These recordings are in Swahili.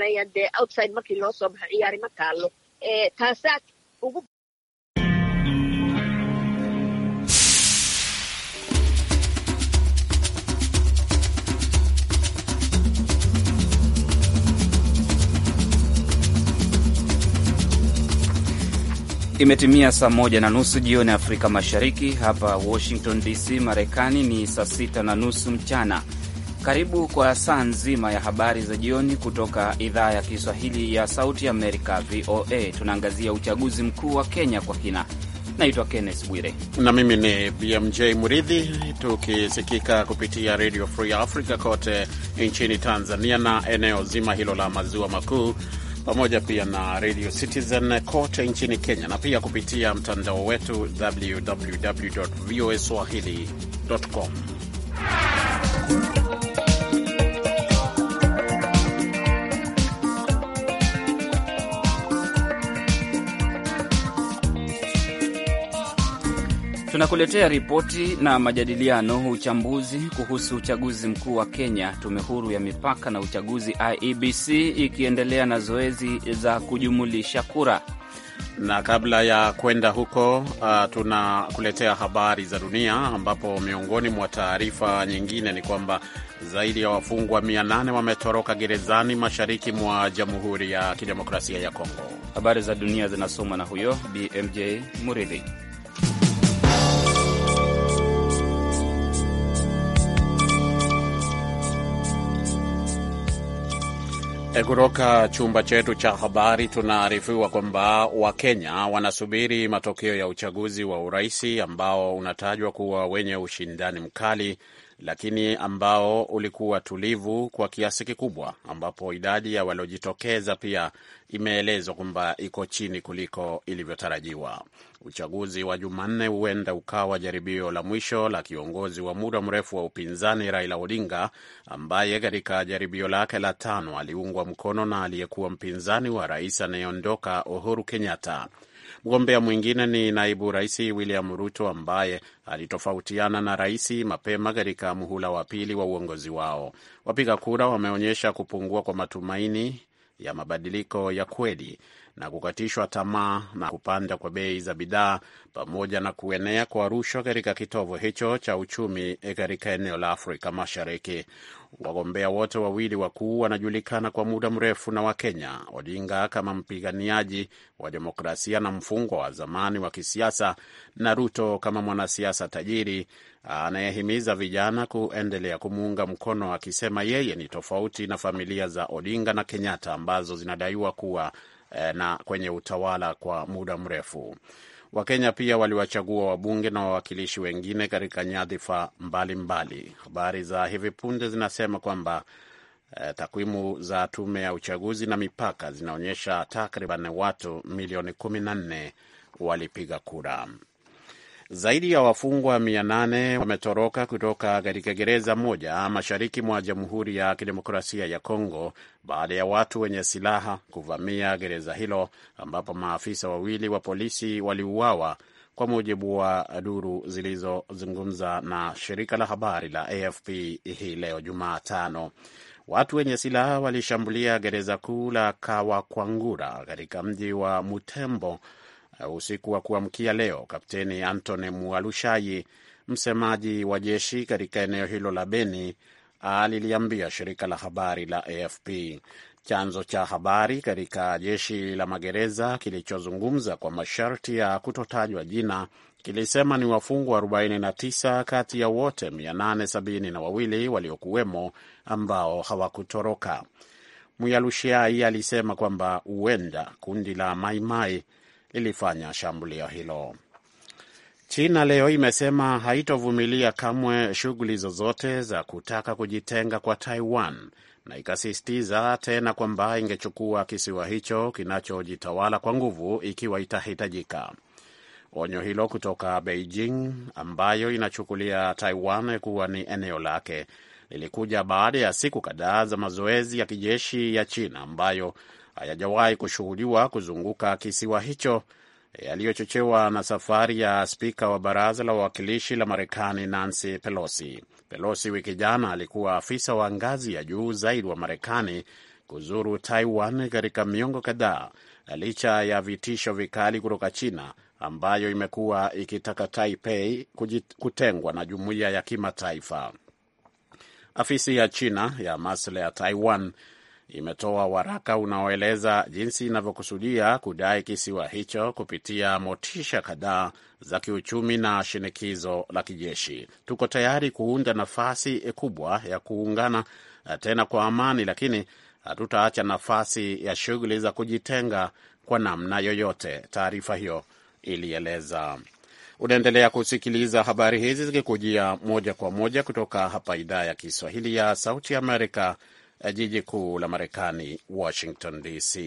sameeya dee outside markii loo soo baxo ciyaari ma taalo ee taasaad ugu Imetimia saa moja na nusu jioni Afrika Mashariki. Hapa Washington DC, Marekani ni saa sita na nusu mchana. Karibu kwa saa nzima ya habari za jioni kutoka idhaa ya Kiswahili ya Sauti Amerika, VOA. Tunaangazia uchaguzi mkuu wa Kenya kwa kina. Naitwa Kenneth Bwire na mimi ni BMJ Muridhi, tukisikika kupitia Radio Free Africa kote nchini Tanzania na eneo zima hilo la maziwa makuu, pamoja pia na Radio Citizen kote nchini Kenya na pia kupitia mtandao wetu www voa swahili.com. Tunakuletea ripoti na majadiliano, uchambuzi kuhusu uchaguzi mkuu wa Kenya. Tume huru ya mipaka na uchaguzi IEBC ikiendelea na zoezi za kujumulisha kura, na kabla ya kwenda huko uh, tunakuletea habari za dunia, ambapo miongoni mwa taarifa nyingine ni kwamba zaidi ya wafungwa 800 wametoroka gerezani mashariki mwa Jamhuri ya Kidemokrasia ya Kongo. Habari za dunia zinasomwa na huyo BMJ Muridhi. Eh, kutoka chumba chetu cha habari tunaarifiwa kwamba Wakenya wanasubiri matokeo ya uchaguzi wa uraisi ambao unatajwa kuwa wenye ushindani mkali lakini ambao ulikuwa tulivu kwa kiasi kikubwa, ambapo idadi ya waliojitokeza pia imeelezwa kwamba iko chini kuliko ilivyotarajiwa. Uchaguzi wa Jumanne huenda ukawa jaribio la mwisho la kiongozi wa muda mrefu wa upinzani Raila Odinga, ambaye katika jaribio lake la tano aliungwa mkono na aliyekuwa mpinzani wa rais anayeondoka Uhuru Kenyatta. Mgombea mwingine ni naibu rais William Ruto ambaye alitofautiana na rais mapema katika muhula wa pili wa uongozi wao. Wapiga kura wameonyesha kupungua kwa matumaini ya mabadiliko ya kweli na kukatishwa tamaa na kupanda kwa bei za bidhaa pamoja na kuenea kwa rushwa katika kitovu hicho cha uchumi katika eneo la Afrika Mashariki. Wagombea wote wawili wakuu wanajulikana kwa muda mrefu na Wakenya. Odinga kama mpiganiaji wa demokrasia na mfungwa wa zamani wa kisiasa, na Ruto kama mwanasiasa tajiri anayehimiza vijana kuendelea kumuunga mkono, akisema yeye ni tofauti na familia za Odinga na Kenyatta ambazo zinadaiwa kuwa Eh, na kwenye utawala kwa muda mrefu. Wakenya pia waliwachagua wabunge na wawakilishi wengine katika nyadhifa mbalimbali. Habari za hivi punde zinasema kwamba eh, takwimu za tume ya uchaguzi na mipaka zinaonyesha takriban watu milioni kumi na nne walipiga kura. Zaidi ya wafungwa 8 wametoroka kutoka katika gereza moja mashariki mwa Jamhuri ya Kidemokrasia ya Kongo baada ya watu wenye silaha kuvamia gereza hilo ambapo maafisa wawili wa polisi waliuawa, kwa mujibu wa duru zilizozungumza na shirika la habari la AFP hii leo Jumatano. Watu wenye silaha walishambulia gereza kuu la Kawakwangura katika mji wa Mutembo Uh, usiku wa kuamkia leo, Kapteni Antony Mualushayi, msemaji wa jeshi katika eneo hilo la Beni, aliliambia shirika la habari la AFP. Chanzo cha habari katika jeshi la magereza kilichozungumza kwa masharti ya kutotajwa jina kilisema ni wafungwa 49 kati ya wote 872 waliokuwemo ambao hawakutoroka. Mwialushai alisema kwamba huenda kundi la Maimai lilifanya shambulio hilo. China leo imesema haitovumilia kamwe shughuli zozote za kutaka kujitenga kwa Taiwan na ikasisitiza tena kwamba ingechukua kisiwa hicho kinachojitawala kwa nguvu ikiwa itahitajika. Onyo hilo kutoka Beijing, ambayo inachukulia Taiwan kuwa ni eneo lake, lilikuja baada ya siku kadhaa za mazoezi ya kijeshi ya China ambayo hayajawahi kushuhudiwa kuzunguka kisiwa hicho eh, yaliyochochewa na safari ya spika wa baraza la wawakilishi la Marekani Nancy Pelosi. Pelosi wiki jana alikuwa afisa wa ngazi ya juu zaidi wa Marekani kuzuru Taiwan katika miongo kadhaa, eh, licha ya vitisho vikali kutoka China ambayo imekuwa ikitaka Taipei kutengwa na jumuiya ya kimataifa. Afisi ya China ya masuala ya Taiwan imetoa waraka unaoeleza jinsi inavyokusudia kudai kisiwa hicho kupitia motisha kadhaa za kiuchumi na shinikizo la kijeshi. Tuko tayari kuunda nafasi kubwa ya kuungana eh, tena kwa amani, lakini hatutaacha nafasi ya shughuli za kujitenga kwa namna yoyote, taarifa hiyo ilieleza. Unaendelea kusikiliza habari hizi zikikujia moja kwa moja kutoka hapa idhaa ya Kiswahili ya Sauti Amerika, jiji kuu la Marekani, Washington DC.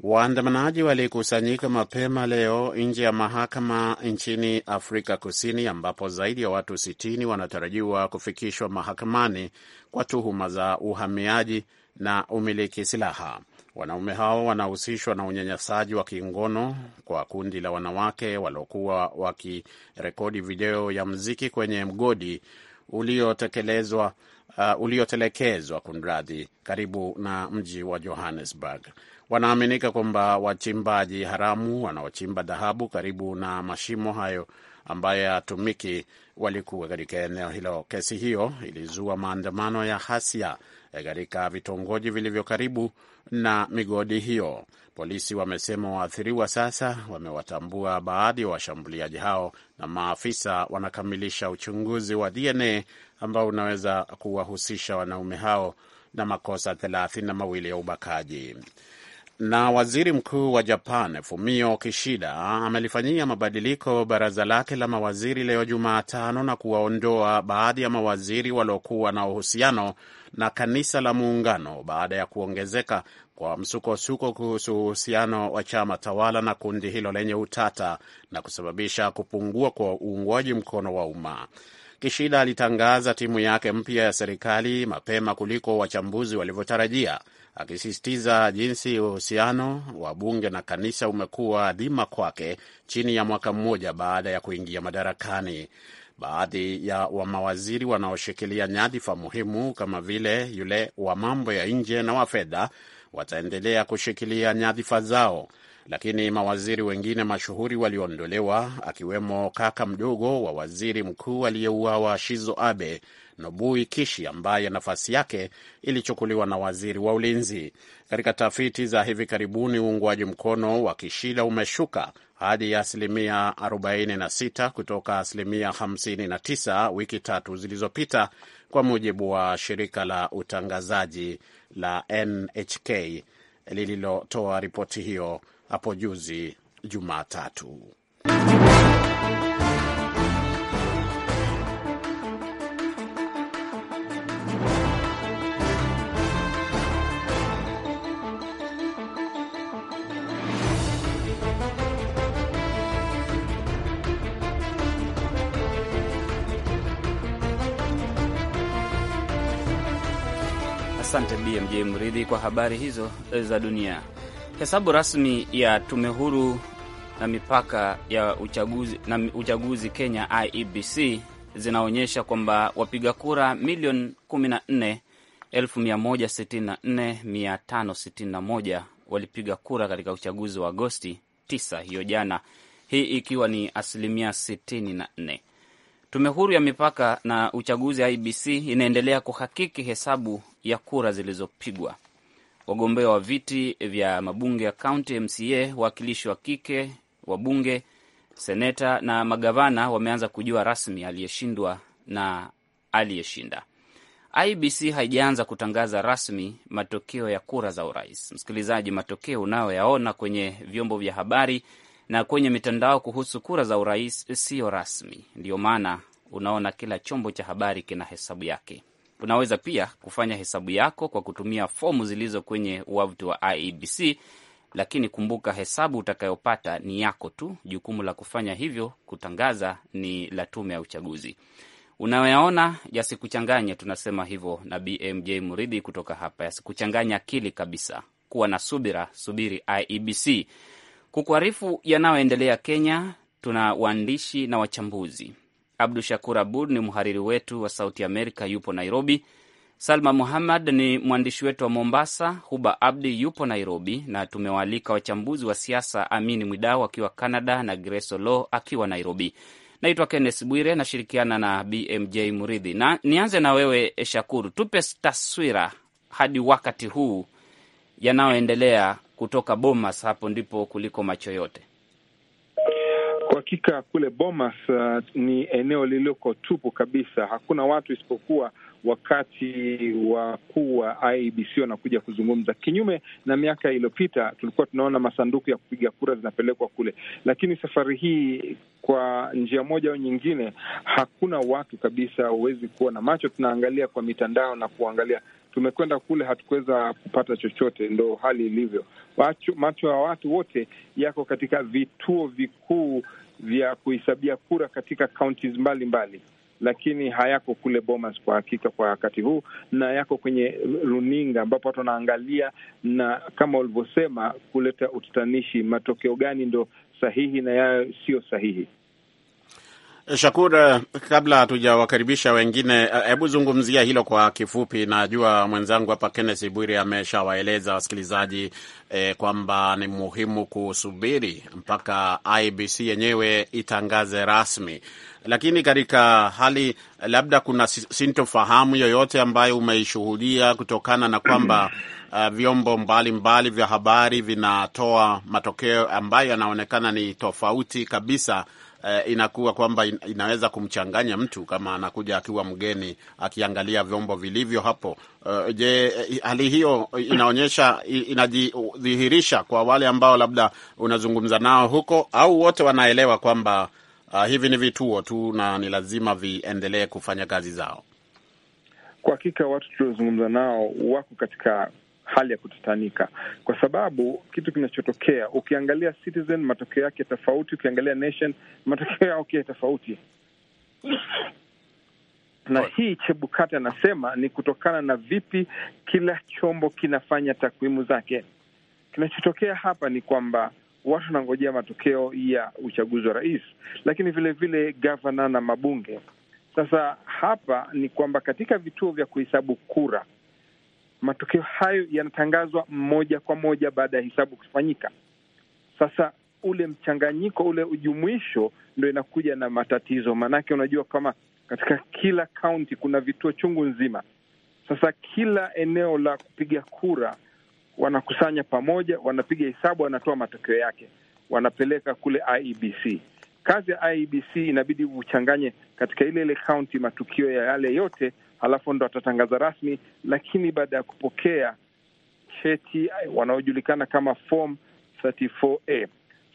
Waandamanaji walikusanyika mapema leo nje ya mahakama nchini Afrika Kusini, ambapo zaidi ya watu 60 wanatarajiwa kufikishwa mahakamani kwa tuhuma za uhamiaji na umiliki silaha. Wanaume hao wanahusishwa na unyanyasaji wa kingono kwa kundi la wanawake waliokuwa wakirekodi video ya mziki kwenye mgodi uliotekelezwa uh, uliotelekezwa kunradhi, karibu na mji wa Johannesburg. Wanaaminika kwamba wachimbaji haramu wanaochimba dhahabu karibu na mashimo hayo ambayo hayatumiki walikuwa katika eneo hilo. Kesi hiyo ilizua maandamano ya hasia katika vitongoji vilivyo karibu na migodi hiyo. Polisi wamesema waathiriwa sasa wamewatambua baadhi ya washambuliaji hao na maafisa wanakamilisha uchunguzi wa DNA ambao unaweza kuwahusisha wanaume hao na makosa thelathini na mawili ya ubakaji. Na waziri mkuu wa Japan Fumio Kishida amelifanyia mabadiliko baraza lake la mawaziri leo Jumatano na kuwaondoa baadhi ya mawaziri waliokuwa na uhusiano na kanisa la muungano baada ya kuongezeka kwa msukosuko kuhusu uhusiano wa chama tawala na kundi hilo lenye utata na kusababisha kupungua kwa uungwaji mkono wa umma. Kishida alitangaza timu yake mpya ya serikali mapema kuliko wachambuzi walivyotarajia akisisitiza jinsi uhusiano wa bunge na kanisa umekuwa dhima kwake chini ya mwaka mmoja baada ya kuingia madarakani. Baadhi ya wa mawaziri wanaoshikilia nyadhifa muhimu kama vile yule wa mambo ya nje na wa fedha wataendelea kushikilia nyadhifa zao, lakini mawaziri wengine mashuhuri waliondolewa, akiwemo kaka mdogo wa waziri mkuu aliyeuawa Shizo Abe, Nobui Kishi, ambaye nafasi yake ilichukuliwa na waziri wa ulinzi. Katika tafiti za hivi karibuni, uungwaji mkono wa Kishida umeshuka hadi ya asilimia 46 kutoka asilimia 59 wiki tatu zilizopita, kwa mujibu wa shirika la utangazaji la NHK lililotoa ripoti hiyo hapo juzi Jumatatu. Asante BMJ Mridhi kwa habari hizo eh, za dunia. Hesabu rasmi ya tume huru na mipaka ya uchaguzi, na uchaguzi Kenya IEBC zinaonyesha kwamba wapiga kura milioni 14,164,561 walipiga kura katika uchaguzi wa Agosti 9 hiyo jana, hii ikiwa ni asilimia 64. Tume huru ya mipaka na uchaguzi IBC inaendelea kuhakiki hesabu ya kura zilizopigwa. Wagombea wa viti vya mabunge ya kaunti MCA, wawakilishi wa kike wa bunge, seneta na magavana wameanza kujua rasmi aliyeshindwa na aliyeshinda. IBC haijaanza kutangaza rasmi matokeo ya kura za urais. Msikilizaji, matokeo unayoyaona kwenye vyombo vya habari na kwenye mitandao kuhusu kura za urais siyo rasmi. Ndiyo maana unaona kila chombo cha habari kina hesabu yake. Unaweza pia kufanya hesabu yako kwa kutumia fomu zilizo kwenye wavuti wa IEBC, lakini kumbuka, hesabu utakayopata ni yako tu. Jukumu la kufanya hivyo kutangaza ni la tume ya uchaguzi. Unayoyaona yasikuchanganye, tunasema hivyo na BMJ Muridhi kutoka hapa, yasikuchanganye akili kabisa. Kuwa na subira, subiri IEBC. Kukuarifu yanayoendelea Kenya, tuna waandishi na wachambuzi. Abdu Shakur Abud ni mhariri wetu wa Sauti Amerika, yupo Nairobi. Salma Muhammad ni mwandishi wetu wa Mombasa. Huba Abdi yupo Nairobi, na tumewaalika wachambuzi wa siasa, Amini Mwidau akiwa Canada na Grace Olo akiwa Nairobi. Naitwa Kennes Bwire, nashirikiana na BMJ Muridhi. Na nianze na wewe Shakuru, tupe taswira hadi wakati huu yanayoendelea kutoka Bomas, hapo ndipo kuliko macho yote. Kwa hakika kule Bomas uh, ni eneo lililoko tupu kabisa, hakuna watu isipokuwa wakati wakuu wa ibc wanakuja kuzungumza. Kinyume na miaka iliyopita, tulikuwa tunaona masanduku ya kupiga kura zinapelekwa kule, lakini safari hii kwa njia moja au nyingine hakuna watu kabisa, huwezi kuona macho. Tunaangalia kwa mitandao na kuangalia tumekwenda kule hatukuweza kupata chochote, ndo hali ilivyo. Macho ya watu wote yako katika vituo vikuu vya kuhesabia kura katika kaunti mbalimbali, lakini hayako kule Bomas kwa hakika kwa wakati huu, na yako kwenye runinga ambapo watu wanaangalia, na kama ulivyosema kuleta utatanishi, matokeo gani ndo sahihi na yayo siyo sahihi. Shakur, kabla hatujawakaribisha wengine, eh, hebu zungumzia hilo kwa kifupi. Najua mwenzangu hapa Kenneth Bwire ameshawaeleza wasikilizaji eh, kwamba ni muhimu kusubiri mpaka IBC yenyewe itangaze rasmi, lakini katika hali labda kuna sintofahamu yoyote ambayo umeishuhudia kutokana na kwamba uh, vyombo mbalimbali vya habari vinatoa matokeo ambayo yanaonekana ni tofauti kabisa eh, inakuwa kwamba inaweza kumchanganya mtu kama anakuja akiwa mgeni akiangalia vyombo vilivyo hapo. Uh, je, eh, hali hiyo inaonyesha inajidhihirisha kwa wale ambao labda unazungumza nao huko, au wote wanaelewa kwamba uh, hivi ni vituo tu na ni lazima viendelee kufanya kazi zao? Kwa hakika watu tuliozungumza nao wako katika hali ya kutatanika, kwa sababu kitu kinachotokea, ukiangalia Citizen matokeo yake tofauti, ukiangalia Nation matokeo yake tofauti na hii Chebukati anasema ni kutokana na vipi kila chombo kinafanya takwimu zake. Kinachotokea hapa ni kwamba watu wanangojea matokeo ya uchaguzi wa rais, lakini vilevile vile gavana na mabunge. Sasa hapa ni kwamba katika vituo vya kuhesabu kura matokeo hayo yanatangazwa moja kwa moja baada ya hesabu kufanyika. Sasa ule mchanganyiko, ule ujumuisho ndo inakuja na matatizo, maanake unajua kama katika kila kaunti kuna vituo chungu nzima. Sasa kila eneo la kupiga kura wanakusanya pamoja, wanapiga hesabu, wanatoa matokeo yake, wanapeleka kule IEBC. Kazi ya IEBC inabidi uchanganye katika ile ile kaunti matukio ya yale yote alafu ndo atatangaza rasmi, lakini baada ya kupokea cheti eh, wanaojulikana kama form 34A.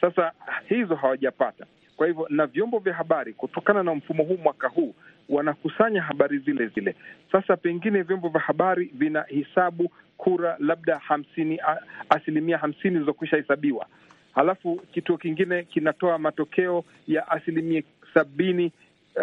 Sasa hizo hawajapata. Kwa hivyo na vyombo vya habari, kutokana na mfumo huu mwaka huu wanakusanya habari zile zile. Sasa pengine vyombo vya habari vinahesabu kura labda hamsini, asilimia hamsini zilizokwisha hesabiwa, halafu kituo kingine kinatoa matokeo ya asilimia sabini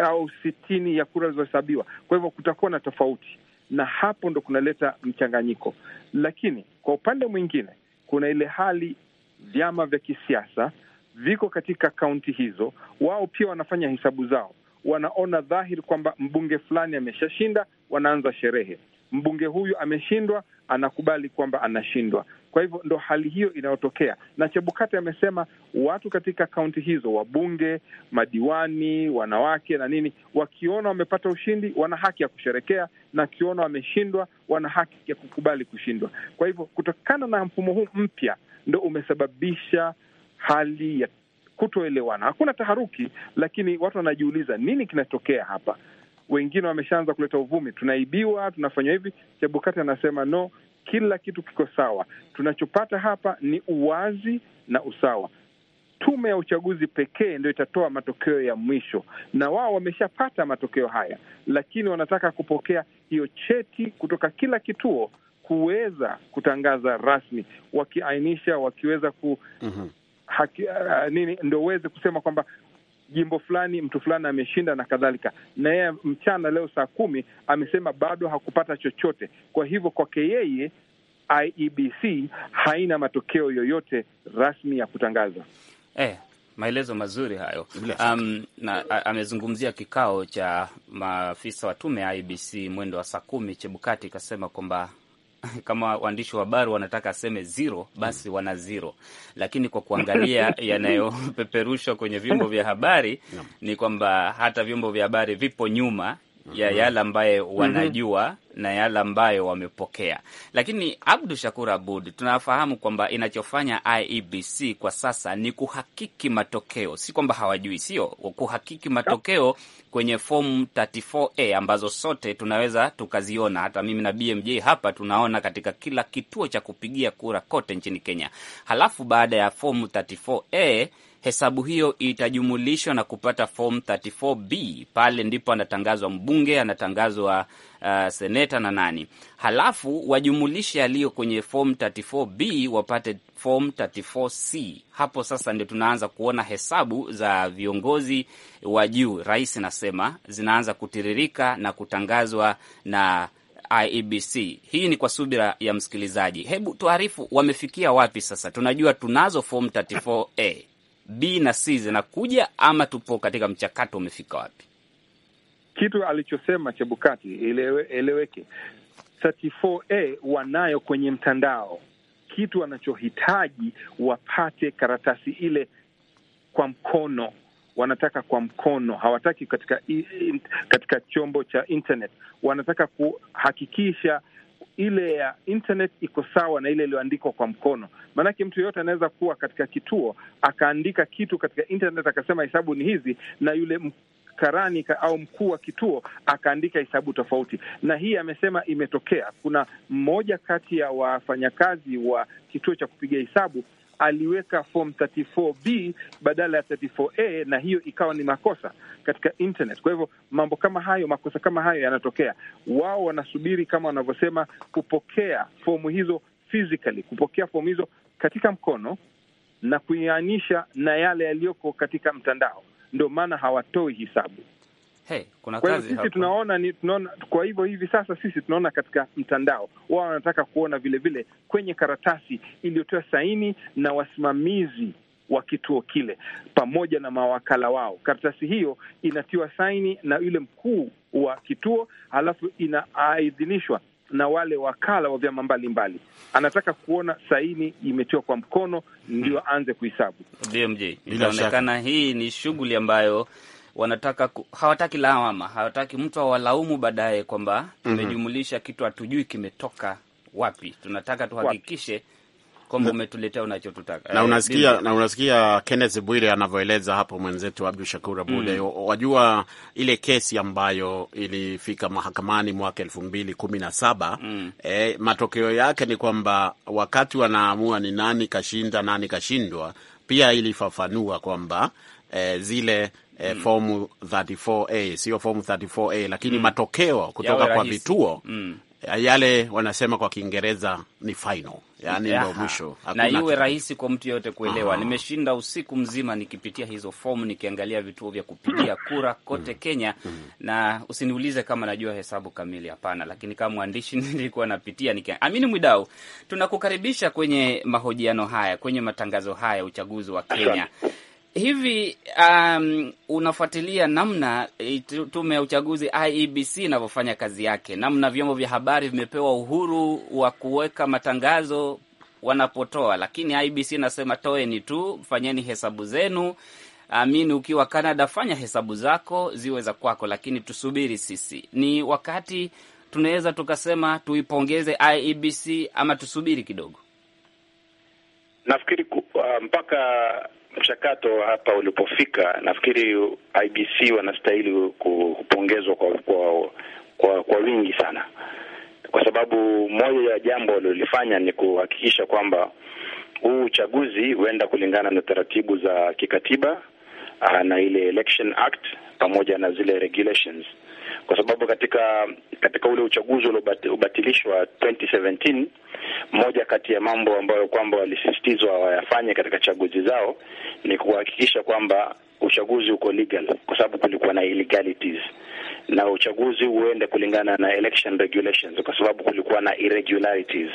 au sitini ya kura zilizohesabiwa. Kwa hivyo kutakuwa na tofauti, na hapo ndo kunaleta mchanganyiko. Lakini kwa upande mwingine, kuna ile hali vyama vya kisiasa viko katika kaunti hizo, wao pia wanafanya hesabu zao, wanaona dhahiri kwamba mbunge fulani ameshashinda, wanaanza sherehe. Mbunge huyu ameshindwa, anakubali kwamba anashindwa. Kwa hivyo ndo hali hiyo inayotokea, na Chebukati amesema watu katika kaunti hizo, wabunge, madiwani, wanawake na nini, wakiona wamepata ushindi, wana haki ya kusherekea, na wakiona wameshindwa, wana haki ya kukubali kushindwa. Kwa hivyo kutokana na mfumo huu mpya ndo umesababisha hali ya kutoelewana. Hakuna taharuki, lakini watu wanajiuliza nini kinatokea hapa. Wengine wameshaanza kuleta uvumi, tunaibiwa, tunafanywa hivi. Chebukati anasema no, kila kitu kiko sawa. Tunachopata hapa ni uwazi na usawa. Tume ya uchaguzi pekee ndio itatoa matokeo ya mwisho, na wao wameshapata matokeo haya, lakini wanataka kupokea hiyo cheti kutoka kila kituo kuweza kutangaza rasmi, wakiainisha wakiweza ku mm -hmm. haki, uh, nini ndo uweze kusema kwamba jimbo fulani mtu fulani ameshinda na kadhalika, na yeye mchana leo saa kumi amesema bado hakupata chochote. Kwa hivyo kwake yeye IEBC haina matokeo yoyote rasmi ya kutangaza. Eh, maelezo mazuri hayo. Um, na amezungumzia kikao cha maafisa wa tume ya ibc e mwendo wa saa kumi. Chebukati ikasema kwamba kama waandishi wa habari wanataka aseme zero, basi wana zero, lakini kwa kuangalia yanayopeperushwa kwenye vyombo vya habari ni kwamba hata vyombo vya habari vipo nyuma ya mhm. yale ambayo mhm. wanajua mm -hmm. na yale ambayo wamepokea. Lakini Abdu Shakur Abud, tunafahamu kwamba inachofanya IEBC kwa sasa ni kuhakiki matokeo, si kwamba hawajui, sio kuhakiki matokeo kwenye fomu 34A ambazo sote tunaweza tukaziona, hata mimi na BMJ hapa tunaona katika kila kituo cha kupigia kura kote nchini Kenya. Halafu baada ya fomu 34A hesabu hiyo itajumulishwa na kupata form 34B. Pale ndipo anatangazwa mbunge, anatangazwa uh, seneta na nani, halafu wajumulishe aliyo kwenye form 34B wapate form 34C. Hapo sasa ndio tunaanza kuona hesabu za viongozi wa juu, rais nasema, zinaanza kutiririka na kutangazwa na IEBC. Hii ni kwa subira ya msikilizaji. Hebu tuarifu wamefikia wapi sasa? Tunajua tunazo form 34A B na C zinakuja ama tupo katika mchakato umefika wapi? Kitu alichosema Chebukati elewe, eleweke 34A wanayo kwenye mtandao. Kitu wanachohitaji wapate karatasi ile kwa mkono, wanataka kwa mkono, hawataki katika katika chombo cha internet. Wanataka kuhakikisha ile ya internet iko sawa na ile iliyoandikwa kwa mkono. Maanake mtu yeyote anaweza kuwa katika kituo akaandika kitu katika internet akasema hesabu ni hizi, na yule karani au mkuu wa kituo akaandika hesabu tofauti. Na hii amesema imetokea, kuna mmoja kati ya wafanyakazi wa kituo cha kupiga hesabu aliweka form 34B badala ya 34A na hiyo ikawa ni makosa katika internet. Kwa hivyo mambo kama hayo, makosa kama hayo yanatokea. Wao wanasubiri kama wanavyosema, kupokea fomu hizo physically, kupokea fomu hizo katika mkono na kuianisha na yale yaliyoko katika mtandao, ndio maana hawatoi hisabu. Hey, kuna kwa kazi sisi hapa. Tunaona ni tunaona. Kwa hivyo hivi sasa sisi tunaona katika mtandao wao wanataka kuona vile vile kwenye karatasi iliyotoa saini na wasimamizi wa kituo kile pamoja na mawakala wao. Karatasi hiyo inatiwa saini na yule mkuu wa kituo, halafu inaidhinishwa na wale wakala wa vyama mbalimbali. Anataka kuona saini imetiwa kwa mkono, ndio hmm. aanze kuhesabu. BMJ, inaonekana hii ni shughuli ambayo wanataka ku, hawataki lawama, hawataki mtu awalaumu baadaye kwamba mhm. tumejumulisha kitu hatujui kimetoka wapi. Tunataka tuhakikishe kwamba umetuletea unachotutaka na eh, unasikia, na unasikia Kenneth Bwire anavyoeleza hapo mwenzetu Abdu Shakur Abude mm. Wajua ile kesi ambayo ilifika mahakamani mwaka elfu mbili kumi na saba mm. E, matokeo yake ni kwamba wakati wanaamua ni nani kashinda nani kashindwa, pia ilifafanua kwamba e, zile E, mm. fomu 34A sio fomu 34A lakini mm. matokeo kutoka kwa vituo mm. Eh, yale wanasema kwa Kiingereza ni final yani ndio mwisho na iwe rahisi kwa mtu yeyote kuelewa. Aha. Nimeshinda usiku mzima nikipitia hizo fomu nikiangalia vituo vya kupigia kura kote mm. Kenya mm. na usiniulize kama najua hesabu kamili, hapana, lakini kama mwandishi nilikuwa napitia nikia. Amini Mwidau, tunakukaribisha kwenye mahojiano haya, kwenye matangazo haya, uchaguzi wa Kenya hivi um, unafuatilia namna eh, tume ya uchaguzi IEBC inavyofanya kazi yake, namna vyombo vya habari vimepewa uhuru wa kuweka matangazo wanapotoa, lakini IEBC inasema toeni tu, fanyeni hesabu zenu. Amini, ukiwa Canada fanya hesabu zako ziwe za kwako, lakini tusubiri sisi. Ni wakati tunaweza tukasema tuipongeze IEBC ama tusubiri kidogo? Nafikiri uh, mpaka mchakato hapa ulipofika, nafikiri IBC wanastahili kupongezwa kwa, kwa kwa kwa wingi sana, kwa sababu moja ya jambo waliolifanya ni kuhakikisha kwamba huu uchaguzi huenda kulingana na taratibu za kikatiba ah, na ile Election Act pamoja na zile regulations kwa sababu katika katika ule uchaguzi uliobatilishwa 2017 moja kati ya mambo ambayo kwamba walisisitizwa wayafanye katika chaguzi zao ni kuhakikisha kwamba uchaguzi uko legal, kwa sababu kulikuwa na illegalities, na uchaguzi uende kulingana na election regulations, kwa sababu kulikuwa na irregularities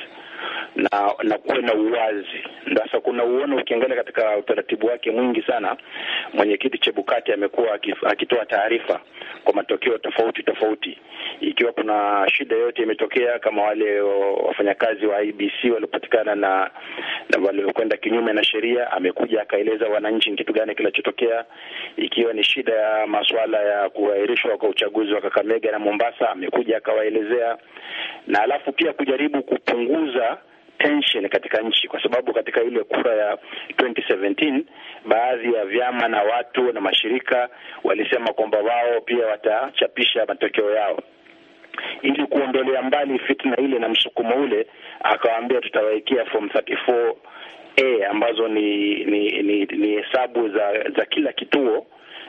na na kuwe na uwazi. Sasa kuna uono, ukiangalia katika utaratibu wake mwingi sana, mwenyekiti Chebukati amekuwa akitoa taarifa kwa matokeo tofauti tofauti, ikiwa kuna shida yote imetokea, kama wale wafanyakazi wa IBC waliopatikana na, na waliokwenda kinyume na sheria, amekuja akaeleza wananchi ni kitu gani kinachotokea. Ikiwa ni shida ya masuala ya kuahirishwa kwa uchaguzi wa Kakamega na Mombasa, amekuja akawaelezea, na alafu pia kujaribu kupunguza tension katika nchi, kwa sababu katika ile kura ya 2017 baadhi ya vyama na watu na mashirika walisema kwamba wao pia watachapisha matokeo yao ili kuondolea mbali fitna ile na msukumo ule, akawaambia tutawaekea form 34 ambazo ni ni ni, ni hesabu za za kila kituo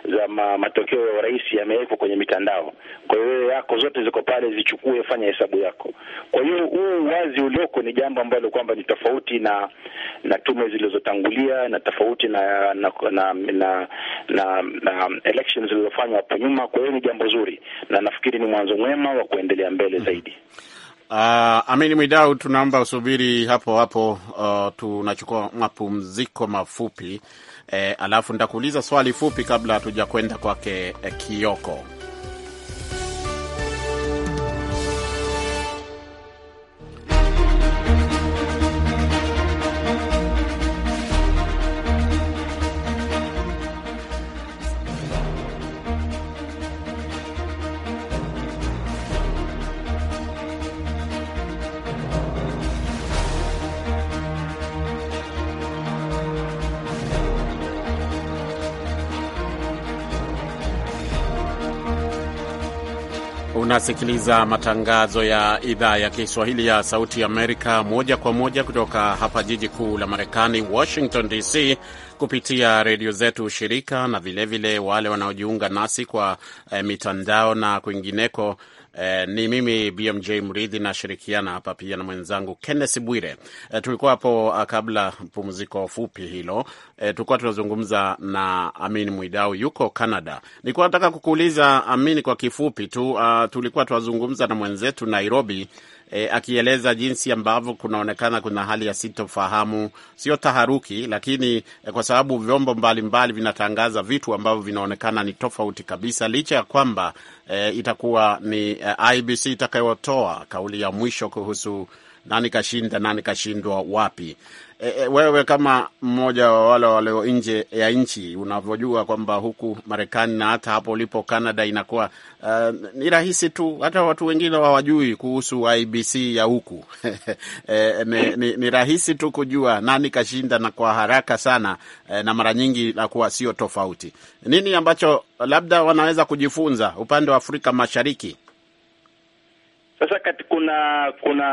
za ma, matokeo ya urais yamewekwa kwenye mitandao. Kwa hiyo wewe yako zote ziko pale, zichukue, fanya hesabu yako. Kwa hiyo huu uwazi ulioko ni jambo ambalo kwamba ni tofauti na na tume zilizotangulia na tofauti na na na, na, na, na elections zilizofanywa hapo nyuma. Kwa hiyo ni jambo zuri na nafikiri ni mwanzo mwema wa kuendelea mbele mm. zaidi. Uh, Amini Mwidau, tunaomba usubiri hapo hapo. Uh, tunachukua mapumziko mafupi eh, alafu nitakuuliza swali fupi kabla hatuja kwenda kwake eh, Kioko. Unasikiliza matangazo ya idhaa ya Kiswahili ya Sauti ya Amerika moja kwa moja kutoka hapa jiji kuu la Marekani, Washington DC, kupitia redio zetu shirika na vilevile vile wale wanaojiunga nasi kwa eh, mitandao na kwingineko Eh, ni mimi BMJ Mridhi nashirikiana hapa pia na mwenzangu Kenneth Bwire. Eh, tulikuwa hapo ah, kabla pumziko fupi hilo, eh, tulikuwa tunazungumza na Amin Mwidau yuko Canada. Nilikuwa nataka kukuuliza Amin, kwa kifupi tu, uh, tulikuwa tunazungumza na mwenzetu Nairobi e, akieleza jinsi ambavyo kunaonekana kuna hali ya sitofahamu, sio taharuki, lakini e, kwa sababu vyombo mbalimbali vinatangaza vitu ambavyo vinaonekana ni tofauti kabisa, licha ya kwamba e, itakuwa ni e, IBC itakayotoa kauli ya mwisho kuhusu nani kashinda nani kashindwa wapi. E, e, wewe kama mmoja wa wale walio nje ya nchi unavyojua kwamba huku Marekani na hata hapo ulipo Canada inakuwa uh, ni rahisi tu, hata watu wengine hawajui kuhusu IBC ya huku e, ni, ni, ni rahisi tu kujua nani kashinda na kwa haraka sana e, na mara nyingi nakuwa sio tofauti. Nini ambacho labda wanaweza kujifunza upande wa Afrika Mashariki sasa kati kuna kuna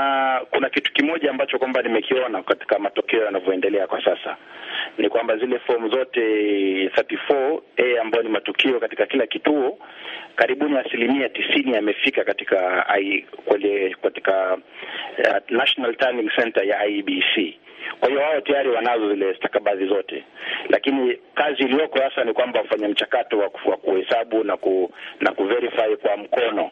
kuna kitu kimoja ambacho kwamba nimekiona katika matokeo yanavyoendelea kwa sasa ni kwamba zile fomu zote 34 a ambayo ni matukio katika kila kituo, karibuni asilimia tisini yamefika katika kwenye katika uh, National Turning Center ya ibc Kwa hiyo wao tayari wanazo zile stakabadhi zote, lakini kazi iliyoko sasa ni kwamba wafanye mchakato wa kuhesabu na ku, na kuverify kwa mkono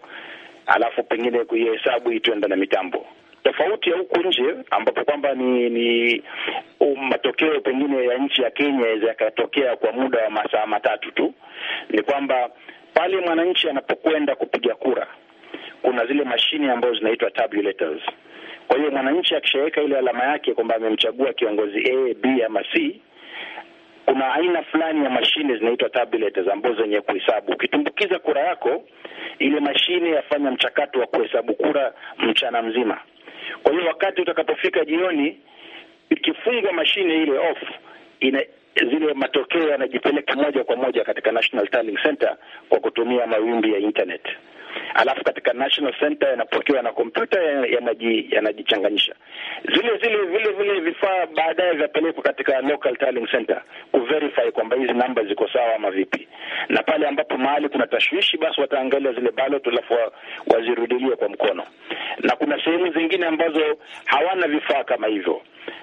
alafu pengine kuihesabu hii tuenda na mitambo tofauti ya huku nje ambapo kwamba ni ni um, matokeo pengine ya nchi ya Kenya yaweza yakatokea kwa muda wa masaa matatu tu, ni kwamba pale mwananchi anapokwenda kupiga kura kuna zile mashine ambazo zinaitwa tabulators. Kwa hiyo mwananchi akishaweka ile alama yake kwamba amemchagua kiongozi A, B ama C, kuna aina fulani ya mashine zinaitwa tablet ambazo zenye kuhesabu. Ukitumbukiza kura yako, ile mashine yafanya mchakato wa kuhesabu kura mchana mzima. Kwa hiyo wakati utakapofika jioni, ikifungwa mashine ile off ina zile matokeo yanajipeleka moja kwa moja katika National Tallying Center kwa kutumia mawimbi ya internet, alafu katika National Center yanapokewa na kompyuta yanajichanganyisha. Zile zile vile vile vifaa baadaye vyapelekwa katika Local Tallying Center kuverify kwamba hizi namba ziko sawa ama vipi, na pale ambapo mahali kuna tashwishi, basi wataangalia zile ballot alafu wazirudilie kwa mkono, na kuna sehemu zingine ambazo hawana vifaa kama hivyo,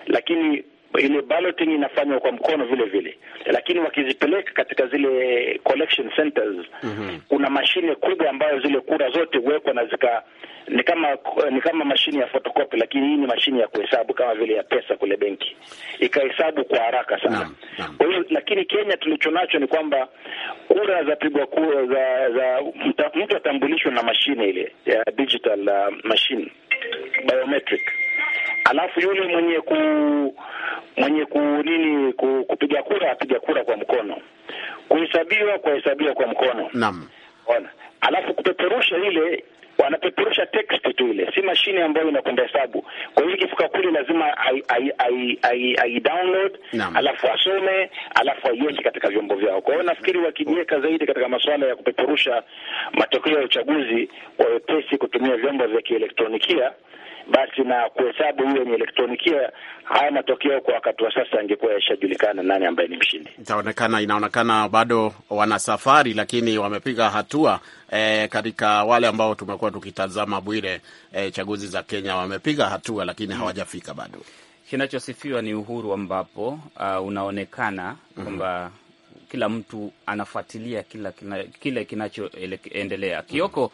lakini ile balloting inafanywa kwa mkono vile vile, lakini wakizipeleka katika zile collection centers mm -hmm. Kuna mashine kubwa ambayo zile kura zote huwekwa na zika, ni kama ni kama mashine ya photocopy, lakini hii ni mashine ya kuhesabu kama vile ya pesa kule benki, ikahesabu kwa haraka sana. Kwa hiyo lakini Kenya tulichonacho ni kwamba kura za pigwa kura za, za mtu atambulishwa na mashine ile ya digital uh, machine biometric alafu yule mwenye ku mwenye ku nini ku, kupiga kura apiga kura kwa mkono, kuhesabiwa kuhesabiwa kwa mkono. Naam, ona, alafu kupeperusha ile wanapeperusha text tu, ile si mashine ambayo inakwenda hesabu. Kwa hiyo ikifika kule lazima ai, ai, ai, ai, ai download alafu asome alafu aiweke katika vyombo vyao. Kwa hiyo nafikiri wakijiweka zaidi katika masuala ya kupeperusha matokeo ya uchaguzi kwa wepesi, kutumia vyombo vya kielektronikia basi na kuhesabu hiyo ni elektronikia, haya matokeo kwa wakati wa sasa angekuwa yashajulikana nani ambaye ni mshindi. Itaonekana, inaonekana bado wana safari, lakini wamepiga hatua e, katika wale ambao tumekuwa tukitazama Bwire, e, chaguzi za Kenya wamepiga hatua, lakini hawajafika bado. Kinachosifiwa ni uhuru ambapo uh, unaonekana kwamba mm -hmm kila mtu anafuatilia kila kile kinachoendelea. Kioko,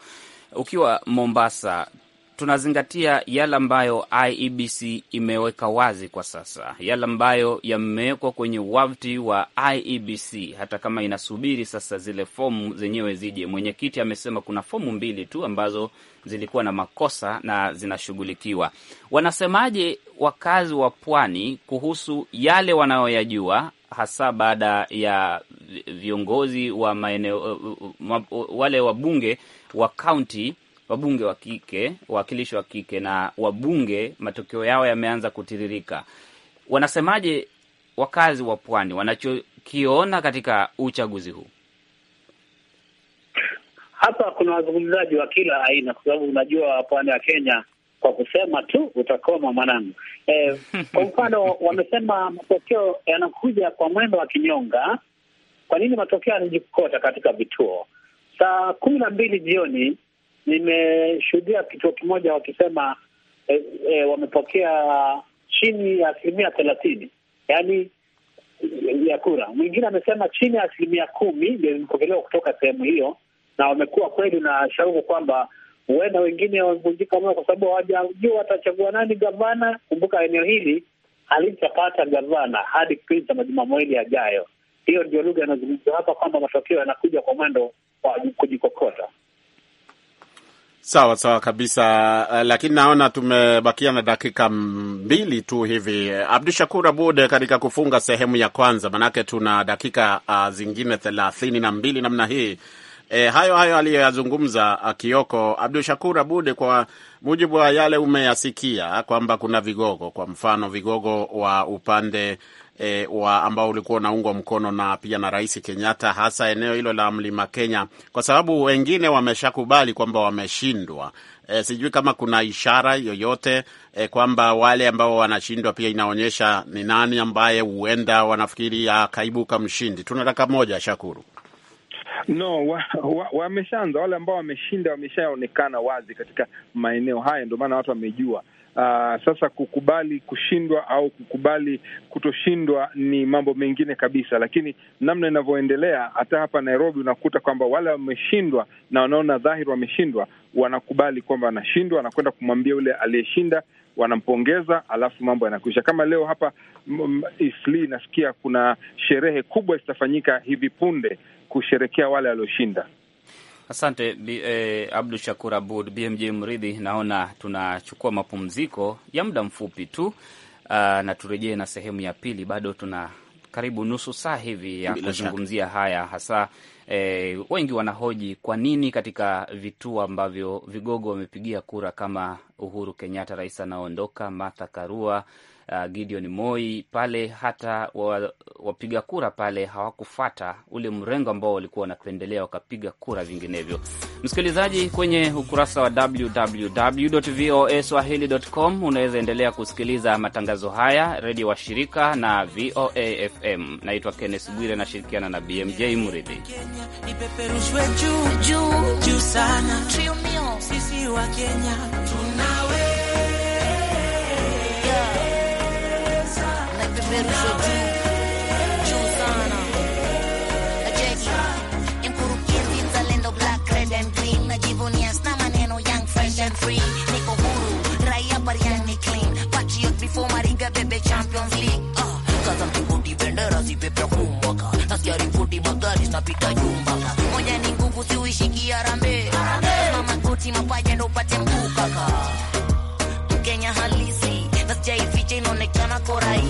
ukiwa Mombasa, tunazingatia yale ambayo IEBC imeweka wazi kwa sasa, yale ambayo yamewekwa kwenye wavuti wa IEBC, hata kama inasubiri sasa zile fomu zenyewe zije. Mwenyekiti amesema kuna fomu mbili tu ambazo zilikuwa na makosa na zinashughulikiwa. Wanasemaje wakazi wa pwani kuhusu yale wanayoyajua hasa baada ya viongozi wa maeneo wale wabunge wa kaunti wabunge wa kike, wawakilishi wa kike na wabunge, matokeo yao yameanza kutiririka. Wanasemaje wakazi wa pwani wanachokiona katika uchaguzi huu? Hapa kuna wazungumzaji wa kila aina, kwa sababu unajua pwani ya Kenya kwa kusema tu utakoma mwanangu. E, kwa mfano wamesema matokeo yanakuja kwa mwendo wa kinyonga. Kwa nini matokeo yanajikota katika vituo? Saa kumi na mbili jioni nimeshuhudia kituo kimoja wakisema e, e, wamepokea chini ya asilimia thelathini yani eh, ya kura. Mwingine amesema chini ya asilimia kumi ndio imepokelewa kutoka sehemu hiyo, na wamekuwa kweli na shauku kwamba huenda wengine wamevunjika moyo kwa sababu hawajajua watachagua nani gavana. Kumbuka eneo hili halitapata gavana hadi kipindi cha majuma mawili yajayo. Hiyo ndio lugha inazungumzwa hapa kwamba matokeo yanakuja kwa mwendo wa kujikokota. Sawa sawa kabisa, eh, lakini naona tumebakia na dakika mbili tu hivi. Eh, Abdu Shakur Abud, katika kufunga sehemu ya kwanza, manake tuna dakika uh, zingine thelathini na mbili namna hii. E, hayo hayo aliyoyazungumza ah, Kioko Abdu Shakur Abud, kwa mujibu wa yale umeyasikia kwamba kuna vigogo, kwa mfano vigogo wa upande e, wa ambao ulikuwa unaungwa mkono na pia na Rais Kenyatta, hasa eneo hilo la Mlima Kenya, kwa sababu wengine wameshakubali kwamba wameshindwa. E, sijui kama kuna ishara yoyote e, kwamba wale ambao wanashindwa pia inaonyesha ni nani ambaye huenda wanafikiri akaibuka mshindi. Tunataka moja, Shakuru. No, wameshaanza wa, wa wale ambao wameshinda wameshaonekana wazi katika maeneo haya, ndio maana watu wamejua Uh, sasa kukubali kushindwa au kukubali kutoshindwa ni mambo mengine kabisa, lakini namna inavyoendelea hata hapa Nairobi unakuta kwamba wale wameshindwa na wanaona dhahiri wameshindwa, wanakubali kwamba wanashindwa, wanakwenda kumwambia yule aliyeshinda, wanampongeza, alafu mambo yanakwisha. Kama leo hapa Isli nasikia kuna sherehe kubwa zitafanyika hivi punde kusherekea wale walioshinda. Asante eh, Abdu Shakur Abud, BMJ Mridhi. Naona tunachukua mapumziko ya muda mfupi tu uh, na turejee na sehemu ya pili. Bado tuna karibu nusu saa hivi ya kuzungumzia haya hasa eh, wengi wanahoji kwa nini katika vituo ambavyo vigogo wamepigia kura kama Uhuru Kenyatta rais anaondoka, Martha Karua uh, Gideon Moi pale, hata wa, wapiga kura pale hawakufata ule mrengo ambao walikuwa wanapendelea, wakapiga kura vinginevyo. Msikilizaji, kwenye ukurasa wa www.voaswahili.com unaweza endelea kusikiliza matangazo haya, redio wa shirika na VOA FM. Naitwa Kennes Bwire, nashirikiana na BMJ Mridhi. Kenya nipeperushe juu juu sana na Jeki mkurugenzi mzalendo, black red and green, najivunia sna maneno, young fresh and free, niko huru raia bariani, clean patriot before Maringa bebe Champions League ah, kaza mtugudi bendera zipepea kumbaka, nasikia ripoti magari zinapita jumbaka, moja ni nguvu siuishiki arambe mama kuti mapaja ndo upate mkuu kaka Mkenya halisi na sijaificha inaonekana korai